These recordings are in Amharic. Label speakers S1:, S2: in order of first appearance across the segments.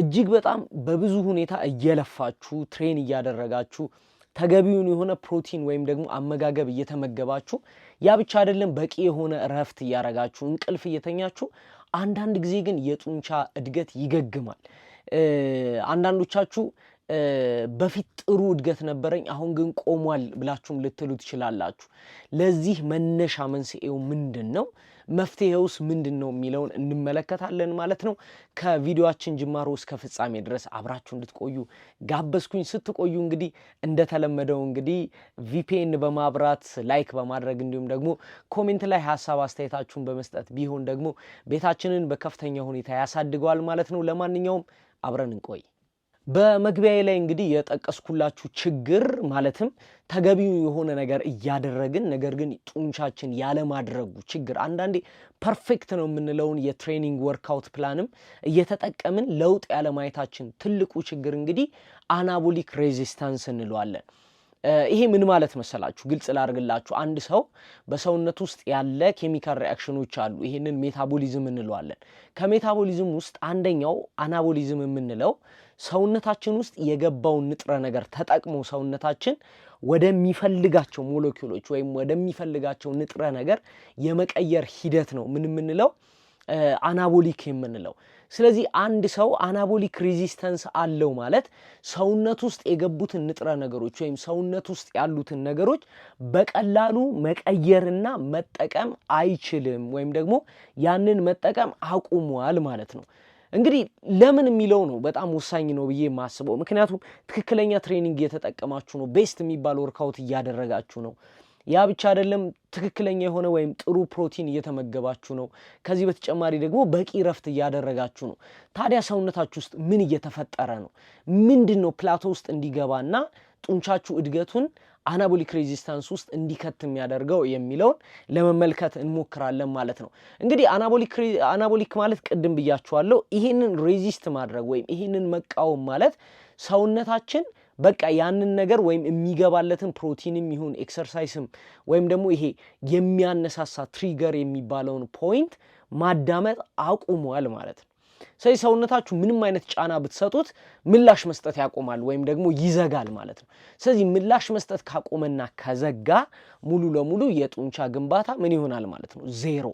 S1: እጅግ በጣም በብዙ ሁኔታ እየለፋችሁ ትሬን እያደረጋችሁ ተገቢውን የሆነ ፕሮቲን ወይም ደግሞ አመጋገብ እየተመገባችሁ ያ ብቻ አይደለም፣ በቂ የሆነ እረፍት እያረጋችሁ እንቅልፍ እየተኛችሁ፣ አንዳንድ ጊዜ ግን የጡንቻ እድገት ይገግማል። አንዳንዶቻችሁ በፊት ጥሩ እድገት ነበረኝ አሁን ግን ቆሟል ብላችሁም ልትሉ ትችላላችሁ። ለዚህ መነሻ መንስኤው ምንድን ነው? መፍትሄውስ ምንድን ነው የሚለውን እንመለከታለን ማለት ነው። ከቪዲዮችን ጅማሮ እስከ ፍጻሜ ድረስ አብራችሁ እንድትቆዩ ጋበዝኩኝ። ስትቆዩ እንግዲህ እንደተለመደው እንግዲህ ቪፒኤን በማብራት ላይክ በማድረግ እንዲሁም ደግሞ ኮሜንት ላይ ሀሳብ አስተያየታችሁን በመስጠት ቢሆን ደግሞ ቤታችንን በከፍተኛ ሁኔታ ያሳድገዋል ማለት ነው። ለማንኛውም አብረን እንቆይ። በመግቢያ ላይ እንግዲህ የጠቀስኩላችሁ ችግር ማለትም ተገቢው የሆነ ነገር እያደረግን ነገር ግን ጡንቻችን ያለማድረጉ ችግር አንዳንዴ ፐርፌክት ነው የምንለውን የትሬኒንግ ወርክአውት ፕላንም እየተጠቀምን ለውጥ ያለማየታችን ትልቁ ችግር እንግዲህ አናቦሊክ ሬዚስታንስ እንለዋለን። ይሄ ምን ማለት መሰላችሁ? ግልጽ ላድርግላችሁ። አንድ ሰው በሰውነት ውስጥ ያለ ኬሚካል ሪያክሽኖች አሉ። ይሄንን ሜታቦሊዝም እንለዋለን። ከሜታቦሊዝም ውስጥ አንደኛው አናቦሊዝም የምንለው ሰውነታችን ውስጥ የገባውን ንጥረ ነገር ተጠቅሞ ሰውነታችን ወደሚፈልጋቸው ሞለኪውሎች ወይም ወደሚፈልጋቸው ንጥረ ነገር የመቀየር ሂደት ነው ምን የምንለው አናቦሊክ የምንለው። ስለዚህ አንድ ሰው አናቦሊክ ሬዚስተንስ አለው ማለት ሰውነት ውስጥ የገቡትን ንጥረ ነገሮች ወይም ሰውነት ውስጥ ያሉትን ነገሮች በቀላሉ መቀየርና መጠቀም አይችልም ወይም ደግሞ ያንን መጠቀም አቁሟል ማለት ነው። እንግዲህ ለምን የሚለው ነው በጣም ወሳኝ ነው ብዬ የማስበው። ምክንያቱም ትክክለኛ ትሬኒንግ እየተጠቀማችሁ ነው፣ ቤስት የሚባል ወርካውት እያደረጋችሁ ነው። ያ ብቻ አይደለም፣ ትክክለኛ የሆነ ወይም ጥሩ ፕሮቲን እየተመገባችሁ ነው። ከዚህ በተጨማሪ ደግሞ በቂ ረፍት እያደረጋችሁ ነው። ታዲያ ሰውነታችሁ ውስጥ ምን እየተፈጠረ ነው? ምንድን ነው ፕላቶ ውስጥ እንዲገባና ጡንቻችሁ እድገቱን አናቦሊክ ሬዚስታንስ ውስጥ እንዲከት የሚያደርገው የሚለውን ለመመልከት እንሞክራለን ማለት ነው። እንግዲህ አናቦሊክ ማለት ቅድም ብያችኋለሁ፣ ይሄንን ሬዚስት ማድረግ ወይም ይሄንን መቃወም ማለት ሰውነታችን በቃ ያንን ነገር ወይም የሚገባለትን ፕሮቲንም ይሁን ኤክሰርሳይስም ወይም ደግሞ ይሄ የሚያነሳሳ ትሪገር የሚባለውን ፖይንት ማዳመጥ አቁሟል ማለት ነው። ስለዚህ ሰውነታችሁ ምንም አይነት ጫና ብትሰጡት ምላሽ መስጠት ያቆማል ወይም ደግሞ ይዘጋል ማለት ነው። ስለዚህ ምላሽ መስጠት ካቆመና ከዘጋ ሙሉ ለሙሉ የጡንቻ ግንባታ ምን ይሆናል ማለት ነው? ዜሮ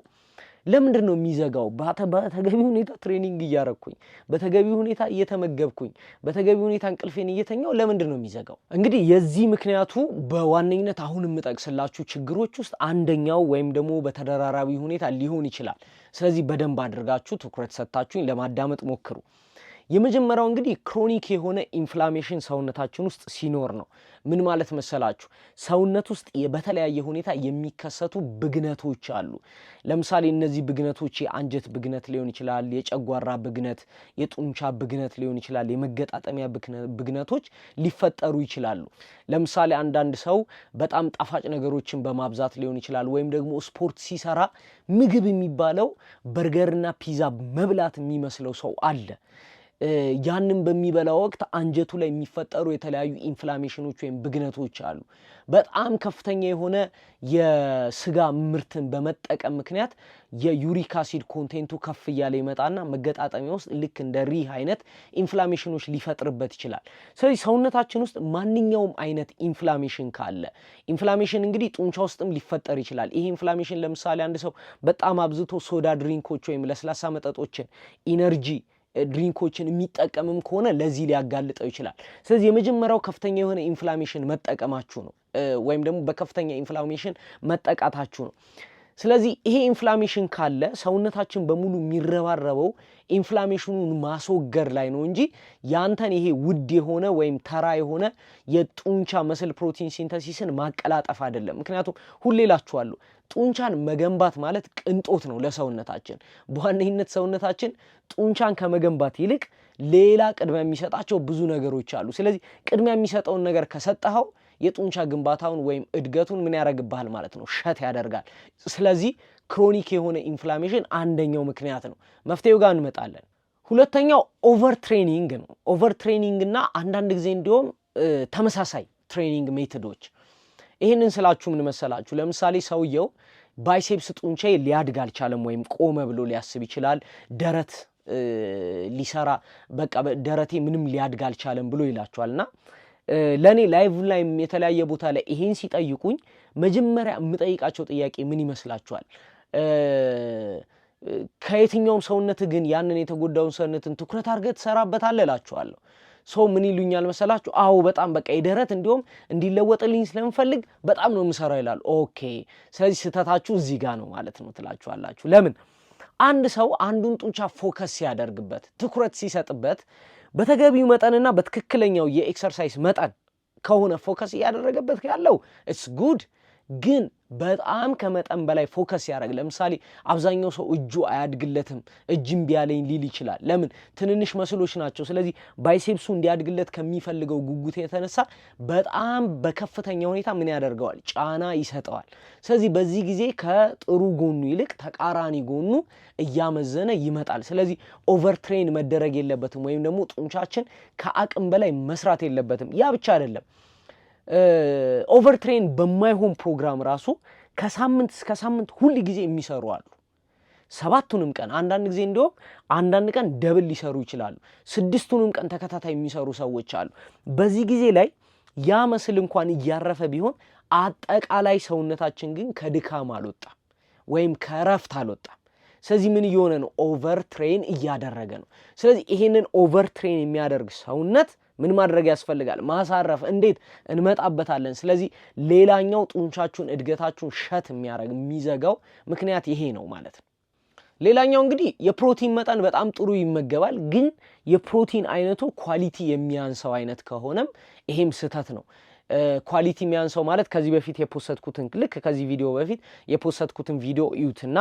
S1: ለምንድን ነው የሚዘጋው? በተገቢ ሁኔታ ትሬኒንግ እያረግኩኝ፣ በተገቢ ሁኔታ እየተመገብኩኝ፣ በተገቢ ሁኔታ እንቅልፌን እየተኛው ለምንድን ነው የሚዘጋው? እንግዲህ የዚህ ምክንያቱ በዋነኝነት አሁን የምጠቅስላችሁ ችግሮች ውስጥ አንደኛው ወይም ደግሞ በተደራራቢ ሁኔታ ሊሆን ይችላል። ስለዚህ በደንብ አድርጋችሁ ትኩረት ሰጥታችሁኝ ለማዳመጥ ሞክሩ። የመጀመሪያው እንግዲህ ክሮኒክ የሆነ ኢንፍላሜሽን ሰውነታችን ውስጥ ሲኖር ነው። ምን ማለት መሰላችሁ? ሰውነት ውስጥ በተለያየ ሁኔታ የሚከሰቱ ብግነቶች አሉ። ለምሳሌ እነዚህ ብግነቶች የአንጀት ብግነት ሊሆን ይችላል፣ የጨጓራ ብግነት፣ የጡንቻ ብግነት ሊሆን ይችላል፣ የመገጣጠሚያ ብግነቶች ሊፈጠሩ ይችላሉ። ለምሳሌ አንዳንድ ሰው በጣም ጣፋጭ ነገሮችን በማብዛት ሊሆን ይችላል፣ ወይም ደግሞ ስፖርት ሲሰራ ምግብ የሚባለው በርገርና ፒዛ መብላት የሚመስለው ሰው አለ። ያንን በሚበላ ወቅት አንጀቱ ላይ የሚፈጠሩ የተለያዩ ኢንፍላሜሽኖች ወይም ብግነቶች አሉ። በጣም ከፍተኛ የሆነ የስጋ ምርትን በመጠቀም ምክንያት የዩሪክ አሲድ ኮንቴንቱ ከፍ እያለ ይመጣና መገጣጠሚያ ውስጥ ልክ እንደ ሪህ አይነት ኢንፍላሜሽኖች ሊፈጥርበት ይችላል። ስለዚህ ሰውነታችን ውስጥ ማንኛውም አይነት ኢንፍላሜሽን ካለ ኢንፍላሜሽን እንግዲህ ጡንቻ ውስጥም ሊፈጠር ይችላል። ይሄ ኢንፍላሜሽን ለምሳሌ አንድ ሰው በጣም አብዝቶ ሶዳ ድሪንኮች ወይም ለስላሳ መጠጦችን ኢነርጂ ድሪንኮችን የሚጠቀምም ከሆነ ለዚህ ሊያጋልጠው ይችላል። ስለዚህ የመጀመሪያው ከፍተኛ የሆነ ኢንፍላሜሽን መጠቀማችሁ ነው፣ ወይም ደግሞ በከፍተኛ ኢንፍላሜሽን መጠቃታችሁ ነው። ስለዚህ ይሄ ኢንፍላሜሽን ካለ ሰውነታችን በሙሉ የሚረባረበው ኢንፍላሜሽኑን ማስወገድ ላይ ነው እንጂ ያንተን ይሄ ውድ የሆነ ወይም ተራ የሆነ የጡንቻ መስል ፕሮቲን ሲንተሲስን ማቀላጠፍ አይደለም። ምክንያቱም ሁሌ እላችኋለሁ ጡንቻን መገንባት ማለት ቅንጦት ነው ለሰውነታችን። በዋነኝነት ሰውነታችን ጡንቻን ከመገንባት ይልቅ ሌላ ቅድሚያ የሚሰጣቸው ብዙ ነገሮች አሉ። ስለዚህ ቅድሚያ የሚሰጠውን ነገር ከሰጠኸው የጡንቻ ግንባታውን ወይም እድገቱን ምን ያደርግብሃል ማለት ነው ሸት ያደርጋል። ስለዚህ ክሮኒክ የሆነ ኢንፍላሜሽን አንደኛው ምክንያት ነው። መፍትሄው ጋር እንመጣለን። ሁለተኛው ኦቨር ትሬኒንግ ነው። ኦቨር ትሬኒንግ እና አንዳንድ ጊዜ እንዲሁም ተመሳሳይ ትሬኒንግ ሜቶዶች። ይህንን ስላችሁ ምን መሰላችሁ? ለምሳሌ ሰውየው ባይሴፕስ ጡንቻ ሊያድግ አልቻለም ወይም ቆመ ብሎ ሊያስብ ይችላል። ደረት ሊሰራ በቃ ደረቴ ምንም ሊያድግ አልቻለም ብሎ ይላችኋል እና ለእኔ ላይቭ ላይ የተለያየ ቦታ ላይ ይሄን ሲጠይቁኝ መጀመሪያ የምጠይቃቸው ጥያቄ ምን ይመስላችኋል? ከየትኛውም ሰውነት ግን ያንን የተጎዳውን ሰውነትን ትኩረት አድርገህ ትሰራበታለህ እላችኋለሁ። ሰው ምን ይሉኛል መሰላችሁ? አዎ በጣም በቃ የደረት እንዲሁም እንዲለወጥልኝ ስለምፈልግ በጣም ነው የምሰራው ይላሉ። ኦኬ ስለዚህ ስህተታችሁ እዚህ ጋር ነው ማለት ነው ትላችኋላችሁ። ለምን አንድ ሰው አንዱን ጡንቻ ፎከስ ሲያደርግበት ትኩረት ሲሰጥበት በተገቢው መጠንና በትክክለኛው የኤክሰርሳይዝ መጠን ከሆነ ፎከስ እያደረገበት ያለው ኢትስ ጉድ ግን በጣም ከመጠን በላይ ፎከስ ያደረግ ለምሳሌ አብዛኛው ሰው እጁ አያድግለትም፣ እጅም ቢያለኝ ሊል ይችላል። ለምን? ትንንሽ መስሎች ናቸው። ስለዚህ ባይሴፕሱ እንዲያድግለት ከሚፈልገው ጉጉት የተነሳ በጣም በከፍተኛ ሁኔታ ምን ያደርገዋል? ጫና ይሰጠዋል። ስለዚህ በዚህ ጊዜ ከጥሩ ጎኑ ይልቅ ተቃራኒ ጎኑ እያመዘነ ይመጣል። ስለዚህ ኦቨርትሬን መደረግ የለበትም ወይም ደግሞ ጡንቻችን ከአቅም በላይ መስራት የለበትም። ያ ብቻ አይደለም ኦቨርትሬን በማይሆን ፕሮግራም ራሱ ከሳምንት እስከ ሳምንት ሁል ጊዜ የሚሰሩ አሉ። ሰባቱንም ቀን አንዳንድ ጊዜ እንዲሁም አንዳንድ ቀን ደብል ሊሰሩ ይችላሉ። ስድስቱንም ቀን ተከታታይ የሚሰሩ ሰዎች አሉ። በዚህ ጊዜ ላይ ያ መስል እንኳን እያረፈ ቢሆን አጠቃላይ ሰውነታችን ግን ከድካም አልወጣ ወይም ከእረፍት አልወጣ ስለዚህ ምን እየሆነ ነው? ኦቨር ትሬን እያደረገ ነው። ስለዚህ ይሄንን ኦቨር ትሬን የሚያደርግ ሰውነት ምን ማድረግ ያስፈልጋል? ማሳረፍ። እንዴት እንመጣበታለን። ስለዚህ ሌላኛው ጡንቻችሁን እድገታችሁን ሸት የሚያደርግ የሚዘጋው ምክንያት ይሄ ነው ማለት ነው። ሌላኛው እንግዲህ የፕሮቲን መጠን በጣም ጥሩ ይመገባል፣ ግን የፕሮቲን አይነቱ ኳሊቲ የሚያንሰው አይነት ከሆነም ይሄም ስህተት ነው። ኳሊቲ የሚያንሰው ማለት ከዚህ በፊት የፖሰትኩትን ልክ ከዚህ ቪዲዮ በፊት የፖሰትኩትን ቪዲዮ እዩትና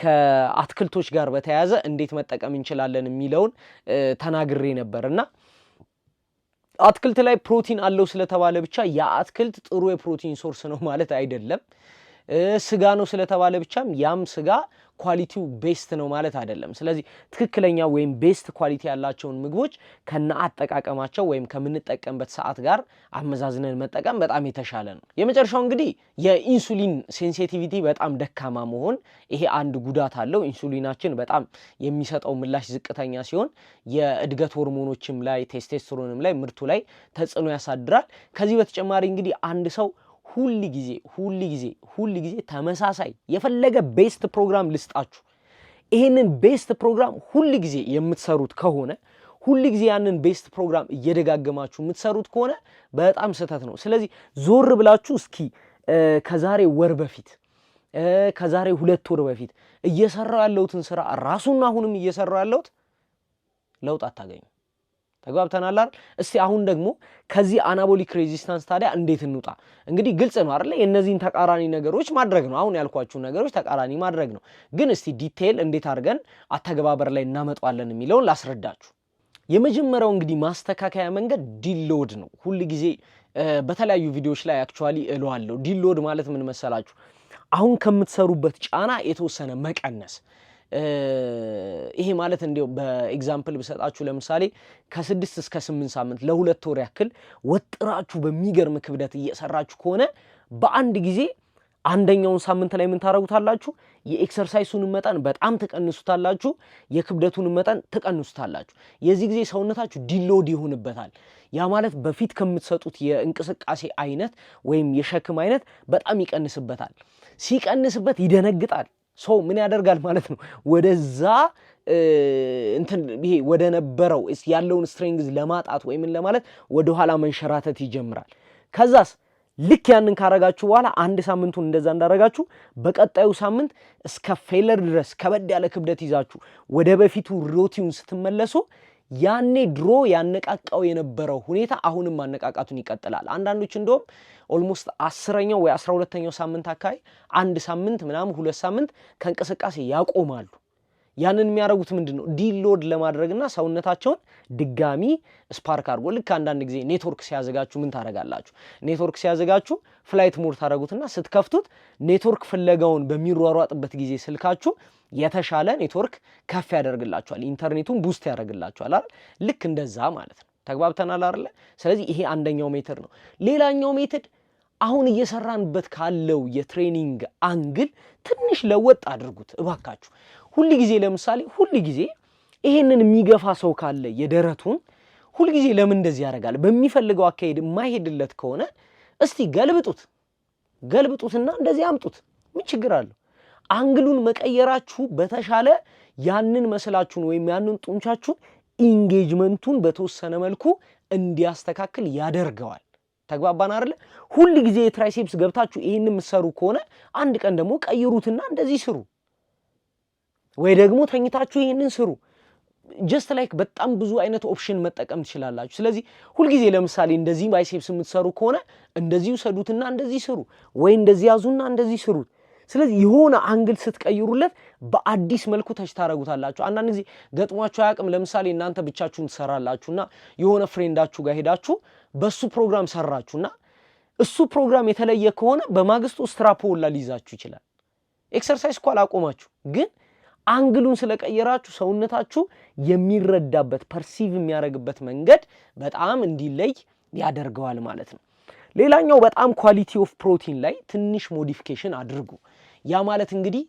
S1: ከአትክልቶች ጋር በተያያዘ እንዴት መጠቀም እንችላለን የሚለውን ተናግሬ ነበር እና አትክልት ላይ ፕሮቲን አለው ስለተባለ ብቻ ያ አትክልት ጥሩ የፕሮቲን ሶርስ ነው ማለት አይደለም። ስጋ ነው ስለተባለ ብቻም ያም ስጋ ኳሊቲው ቤስት ነው ማለት አይደለም። ስለዚህ ትክክለኛ ወይም ቤስት ኳሊቲ ያላቸውን ምግቦች ከነ አጠቃቀማቸው ወይም ከምንጠቀምበት ሰዓት ጋር አመዛዝነን መጠቀም በጣም የተሻለ ነው። የመጨረሻው እንግዲህ የኢንሱሊን ሴንሲቲቪቲ በጣም ደካማ መሆን፣ ይሄ አንድ ጉዳት አለው። ኢንሱሊናችን በጣም የሚሰጠው ምላሽ ዝቅተኛ ሲሆን የእድገት ሆርሞኖችም ላይ ቴስቴስትሮንም ላይ ምርቱ ላይ ተጽዕኖ ያሳድራል። ከዚህ በተጨማሪ እንግዲህ አንድ ሰው ሁል ጊዜ ሁል ጊዜ ሁል ጊዜ ተመሳሳይ የፈለገ ቤስት ፕሮግራም ልስጣችሁ። ይህንን ቤስት ፕሮግራም ሁል ጊዜ የምትሰሩት ከሆነ ሁል ጊዜ ያንን ቤስት ፕሮግራም እየደጋገማችሁ የምትሰሩት ከሆነ በጣም ስህተት ነው። ስለዚህ ዞር ብላችሁ እስኪ ከዛሬ ወር በፊት ከዛሬ ሁለት ወር በፊት እየሰራው ያለሁትን ስራ ራሱና አሁንም እየሰራው ያለሁት ለውጥ አታገኙ። ተግባብተናል አይደል? እስቲ አሁን ደግሞ ከዚህ አናቦሊክ ሬዚስታንስ ታዲያ እንዴት እንውጣ? እንግዲህ ግልጽ ነው አይደለ? የእነዚህን ተቃራኒ ነገሮች ማድረግ ነው። አሁን ያልኳችሁ ነገሮች ተቃራኒ ማድረግ ነው። ግን እስቲ ዲቴይል እንዴት አድርገን አተገባበር ላይ እናመጣዋለን የሚለውን ላስረዳችሁ። የመጀመሪያው እንግዲህ ማስተካከያ መንገድ ዲሎድ ነው። ሁል ጊዜ በተለያዩ ቪዲዮዎች ላይ አክቹዋሊ እለዋለሁ። ዲሎድ ማለት ምን መሰላችሁ? አሁን ከምትሰሩበት ጫና የተወሰነ መቀነስ ይሄ ማለት እንዲው በኤግዛምፕል ብሰጣችሁ ለምሳሌ ከስድስት እስከ ስምንት ሳምንት ለሁለት ወር ያክል ወጥራችሁ በሚገርም ክብደት እየሰራችሁ ከሆነ በአንድ ጊዜ አንደኛውን ሳምንት ላይ ምን የኤክሰርሳይሱን መጠን በጣም ትቀንሱታላችሁ። የክብደቱን መጠን ትቀንሱታላችሁ። የዚህ ጊዜ ሰውነታችሁ ዲሎድ ይሆንበታል። ያ ማለት በፊት ከምትሰጡት የእንቅስቃሴ አይነት ወይም የሸክም አይነት በጣም ይቀንስበታል። ሲቀንስበት ይደነግጣል። ሰው ምን ያደርጋል ማለት ነው ወደዛ እንትን ይሄ ወደ ነበረው ያለውን ስትሬንግዝ ለማጣት ወይ ምን ለማለት ወደኋላ መንሸራተት ይጀምራል። ከዛስ ልክ ያንን ካረጋችሁ በኋላ አንድ ሳምንቱን እንደዛ እንዳረጋችሁ በቀጣዩ ሳምንት እስከ ፌለር ድረስ ከበድ ያለ ክብደት ይዛችሁ ወደ በፊቱ ሮቲውን ስትመለሱ ያኔ ድሮ ያነቃቃው የነበረው ሁኔታ አሁንም ማነቃቃቱን ይቀጥላል። አንዳንዶች እንደውም ኦልሞስት አስረኛው ወይ አስራ ሁለተኛው ሳምንት አካባቢ አንድ ሳምንት ምናምን ሁለት ሳምንት ከእንቅስቃሴ ያቆማሉ። ያንን የሚያደርጉት ምንድን ነው? ዲሎድ ለማድረግና ሰውነታቸውን ድጋሚ ስፓርክ አድርጎ ልክ አንዳንድ ጊዜ ኔትወርክ ሲያዘጋችሁ ምን ታደርጋላችሁ? ኔትወርክ ሲያዘጋችሁ ፍላይት ሞድ ታደርጉትና ስትከፍቱት ኔትወርክ ፍለጋውን በሚሯሯጥበት ጊዜ ስልካችሁ የተሻለ ኔትወርክ ከፍ ያደርግላችኋል፣ ኢንተርኔቱን ቡስት ያደርግላችኋል አይደል? ልክ እንደዛ ማለት ነው። ተግባብተናል አይደለ? ስለዚህ ይሄ አንደኛው ሜትር ነው። ሌላኛው ሜትድ አሁን እየሰራንበት ካለው የትሬኒንግ አንግል ትንሽ ለወጥ አድርጉት እባካችሁ። ሁል ጊዜ ለምሳሌ ሁል ጊዜ ይሄንን የሚገፋ ሰው ካለ የደረቱን ሁል ጊዜ ለምን እንደዚህ ያደርጋል? በሚፈልገው አካሄድ የማይሄድለት ከሆነ እስቲ ገልብጡት ገልብጡትና እንደዚህ አምጡት። ምን ችግር አለው? አንግሉን መቀየራችሁ በተሻለ ያንን መስላችሁን ወይም ያንን ጡንቻችሁን ኢንጌጅመንቱን በተወሰነ መልኩ እንዲያስተካክል ያደርገዋል። ተግባባን አይደለ? ሁል ጊዜ የትራይሴፕስ ገብታችሁ ይህን የምትሰሩ ከሆነ አንድ ቀን ደግሞ ቀይሩትና እንደዚህ ስሩ። ወይ ደግሞ ተኝታችሁ ይህንን ስሩ። ጀስት ላይክ በጣም ብዙ አይነት ኦፕሽን መጠቀም ትችላላችሁ። ስለዚህ ሁልጊዜ ለምሳሌ እንደዚህ ባይሴፕስ የምትሰሩ ከሆነ እንደዚህ ውሰዱትና እንደዚህ ስሩ፣ ወይ እንደዚህ ያዙና እንደዚህ ስሩት። ስለዚህ የሆነ አንግል ስትቀይሩለት በአዲስ መልኩ ተች ታደረጉታላችሁ። አንዳንድ ጊዜ ገጥሟችሁ አያውቅም? ለምሳሌ እናንተ ብቻችሁን ትሰራላችሁና የሆነ ፍሬንዳችሁ ጋር ሄዳችሁ በሱ ፕሮግራም ሰራችሁና እሱ ፕሮግራም የተለየ ከሆነ በማግስቱ ስትራፖላ ሊይዛችሁ ይችላል። ኤክሰርሳይዝ እኮ አላቆማችሁ ግን አንግሉን ስለቀየራችሁ ሰውነታችሁ የሚረዳበት ፐርሲቭ የሚያደርግበት መንገድ በጣም እንዲለይ ያደርገዋል ማለት ነው። ሌላኛው በጣም ኳሊቲ ኦፍ ፕሮቲን ላይ ትንሽ ሞዲፊኬሽን አድርጉ። ያ ማለት እንግዲህ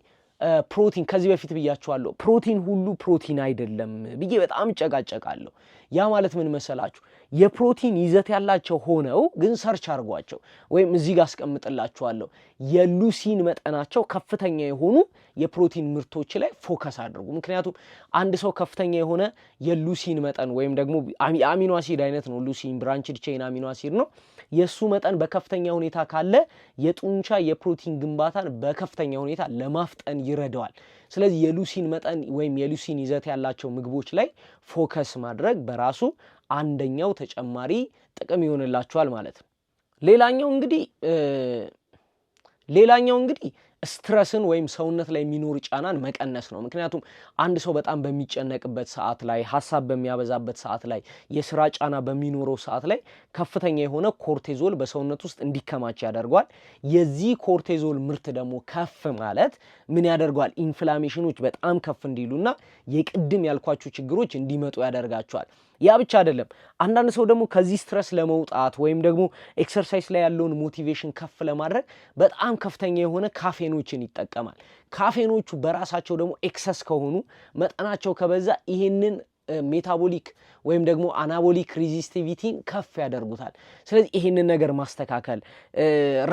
S1: ፕሮቲን ከዚህ በፊት ብያችኋለሁ፣ ፕሮቲን ሁሉ ፕሮቲን አይደለም ብዬ በጣም እጨቃጨቃለሁ። ያ ማለት ምን መሰላችሁ? የፕሮቲን ይዘት ያላቸው ሆነው ግን ሰርች አድርጓቸው ወይም እዚህ ጋር አስቀምጥላችኋለሁ የሉሲን መጠናቸው ከፍተኛ የሆኑ የፕሮቲን ምርቶች ላይ ፎከስ አድርጉ። ምክንያቱም አንድ ሰው ከፍተኛ የሆነ የሉሲን መጠን ወይም ደግሞ የአሚኖ አሲድ አይነት ነው። ሉሲን ብራንችድ ቼን አሚኖ አሲድ ነው። የእሱ መጠን በከፍተኛ ሁኔታ ካለ የጡንቻ የፕሮቲን ግንባታን በከፍተኛ ሁኔታ ለማፍጠን ይረዳዋል። ስለዚህ የሉሲን መጠን ወይም የሉሲን ይዘት ያላቸው ምግቦች ላይ ፎከስ ማድረግ በራሱ አንደኛው ተጨማሪ ጥቅም ይሆንላቸዋል ማለት ነው። ሌላኛው እንግዲህ ሌላኛው እንግዲህ ስትረስን ወይም ሰውነት ላይ የሚኖር ጫናን መቀነስ ነው። ምክንያቱም አንድ ሰው በጣም በሚጨነቅበት ሰዓት ላይ፣ ሀሳብ በሚያበዛበት ሰዓት ላይ፣ የስራ ጫና በሚኖረው ሰዓት ላይ ከፍተኛ የሆነ ኮርቴዞል በሰውነት ውስጥ እንዲከማች ያደርጓል። የዚህ ኮርቴዞል ምርት ደግሞ ከፍ ማለት ምን ያደርገዋል ኢንፍላሜሽኖች በጣም ከፍ እንዲሉና የቅድም ያልኳቸው ችግሮች እንዲመጡ ያደርጋቸዋል። ያ ብቻ አይደለም። አንዳንድ ሰው ደግሞ ከዚህ ስትረስ ለመውጣት ወይም ደግሞ ኤክሰርሳይዝ ላይ ያለውን ሞቲቬሽን ከፍ ለማድረግ በጣም ከፍተኛ የሆነ ካፌኖችን ይጠቀማል። ካፌኖቹ በራሳቸው ደግሞ ኤክሰስ ከሆኑ መጠናቸው ከበዛ ይህንን ሜታቦሊክ ወይም ደግሞ አናቦሊክ ሬዚስቲቪቲን ከፍ ያደርጉታል። ስለዚህ ይህንን ነገር ማስተካከል፣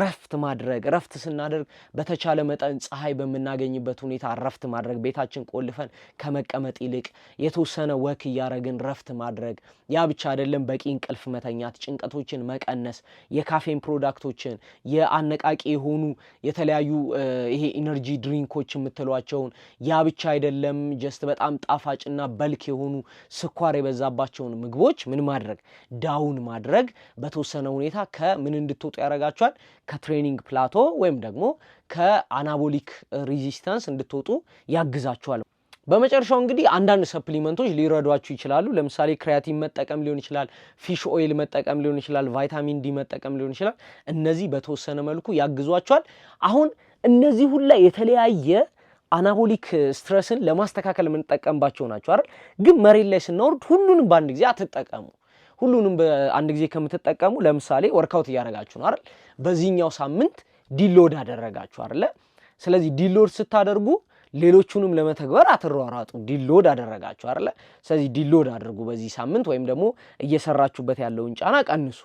S1: ረፍት ማድረግ። ረፍት ስናደርግ በተቻለ መጠን ፀሐይ በምናገኝበት ሁኔታ ረፍት ማድረግ፣ ቤታችን ቆልፈን ከመቀመጥ ይልቅ የተወሰነ ወክ እያረግን ረፍት ማድረግ። ያ ብቻ አይደለም፣ በቂ እንቅልፍ መተኛት፣ ጭንቀቶችን መቀነስ፣ የካፌን ፕሮዳክቶችን፣ የአነቃቂ የሆኑ የተለያዩ ይሄ ኢነርጂ ድሪንኮች የምትሏቸውን። ያ ብቻ አይደለም፣ ጀስት በጣም ጣፋጭና በልክ የሆኑ ስኳር የበዛባቸውን ምግቦች ምን ማድረግ ዳውን ማድረግ በተወሰነ ሁኔታ ከምን እንድትወጡ ያደርጋቸዋል ከትሬኒንግ ፕላቶ ወይም ደግሞ ከአናቦሊክ ሪዚስተንስ እንድትወጡ ያግዛቸዋል። በመጨረሻው እንግዲህ አንዳንድ ሰፕሊመንቶች ሊረዷችሁ ይችላሉ። ለምሳሌ ክሪያቲን መጠቀም ሊሆን ይችላል፣ ፊሽ ኦይል መጠቀም ሊሆን ይችላል፣ ቫይታሚን ዲ መጠቀም ሊሆን ይችላል። እነዚህ በተወሰነ መልኩ ያግዟቸዋል። አሁን እነዚህ ሁላ የተለያየ አናቦሊክ ስትረስን ለማስተካከል የምንጠቀምባቸው ናቸው አይደል። ግን መሬት ላይ ስናወርድ ሁሉንም በአንድ ጊዜ አትጠቀሙ። ሁሉንም በአንድ ጊዜ ከምትጠቀሙ ለምሳሌ ወርካውት እያደረጋችሁ ነው አይደል፣ በዚህኛው ሳምንት ዲሎድ አደረጋችሁ አይደለ። ስለዚህ ዲሎድ ስታደርጉ ሌሎቹንም ለመተግበር አትሯሯጡ። ዲሎድ አደረጋችሁ አይደለ። ስለዚህ ዲሎድ አድርጉ በዚህ ሳምንት ወይም ደግሞ እየሰራችሁበት ያለውን ጫና ቀንሱ።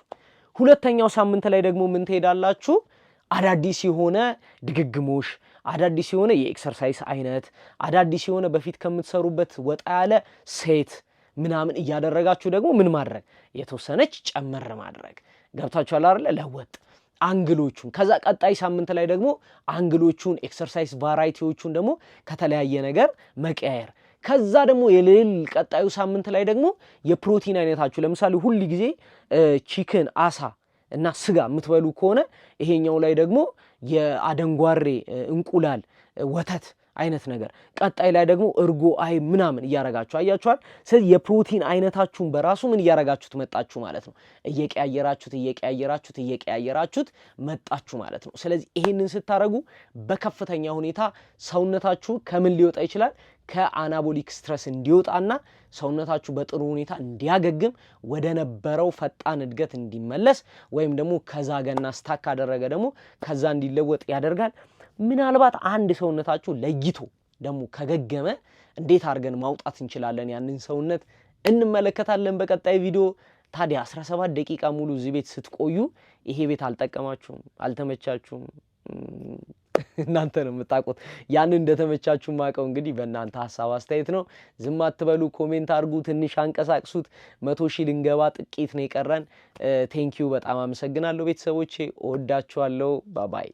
S1: ሁለተኛው ሳምንት ላይ ደግሞ ምን ትሄዳላችሁ? አዳዲስ የሆነ ድግግሞሽ አዳዲስ የሆነ የኤክሰርሳይዝ አይነት አዳዲስ የሆነ በፊት ከምትሰሩበት ወጣ ያለ ሴት ምናምን እያደረጋችሁ ደግሞ ምን ማድረግ የተወሰነች ጨመር ማድረግ ገብታችኋል አይደለ? ለወጥ አንግሎቹን ከዛ ቀጣይ ሳምንት ላይ ደግሞ አንግሎቹን ኤክሰርሳይዝ ቫራይቲዎቹን ደግሞ ከተለያየ ነገር መቀያየር ከዛ ደግሞ የሌል ቀጣዩ ሳምንት ላይ ደግሞ የፕሮቲን አይነታችሁ ለምሳሌ ሁል ጊዜ ቺክን፣ አሳ እና ስጋ የምትበሉ ከሆነ ይሄኛው ላይ ደግሞ የአደንጓሬ እንቁላል ወተት አይነት ነገር ቀጣይ ላይ ደግሞ እርጎ አይ ምናምን እያረጋችሁ አያችኋል። ስለዚህ የፕሮቲን አይነታችሁን በራሱ ምን እያረጋችሁት መጣችሁ ማለት ነው። እየቀያየራችሁት እየቀያየራችሁት እየቀያየራችሁት መጣችሁ ማለት ነው። ስለዚህ ይሄንን ስታረጉ በከፍተኛ ሁኔታ ሰውነታችሁ ከምን ሊወጣ ይችላል? ከአናቦሊክ ስትረስ እንዲወጣና ሰውነታችሁ በጥሩ ሁኔታ እንዲያገግም ወደ ነበረው ፈጣን እድገት እንዲመለስ ወይም ደግሞ ከዛ ገና ስታክ ካደረገ ደግሞ ከዛ እንዲለወጥ ያደርጋል። ምናልባት አንድ ሰውነታችሁ ለይቶ ደግሞ ከገገመ እንዴት አድርገን ማውጣት እንችላለን ያንን ሰውነት እንመለከታለን በቀጣይ ቪዲዮ። ታዲያ 17 ደቂቃ ሙሉ እዚህ ቤት ስትቆዩ ይሄ ቤት አልጠቀማችሁም፣ አልተመቻችሁም እናንተ ነው የምታውቁት። ያንን እንደተመቻችሁ ማቀው እንግዲህ በእናንተ ሀሳብ አስተያየት ነው። ዝም አትበሉ፣ ኮሜንት አድርጉ፣ ትንሽ አንቀሳቅሱት። መቶ ሺህ ልንገባ ጥቂት ነው የቀረን። ቴንኪዩ፣ በጣም አመሰግናለሁ ቤተሰቦቼ፣ እወዳችኋለሁ። ባባይ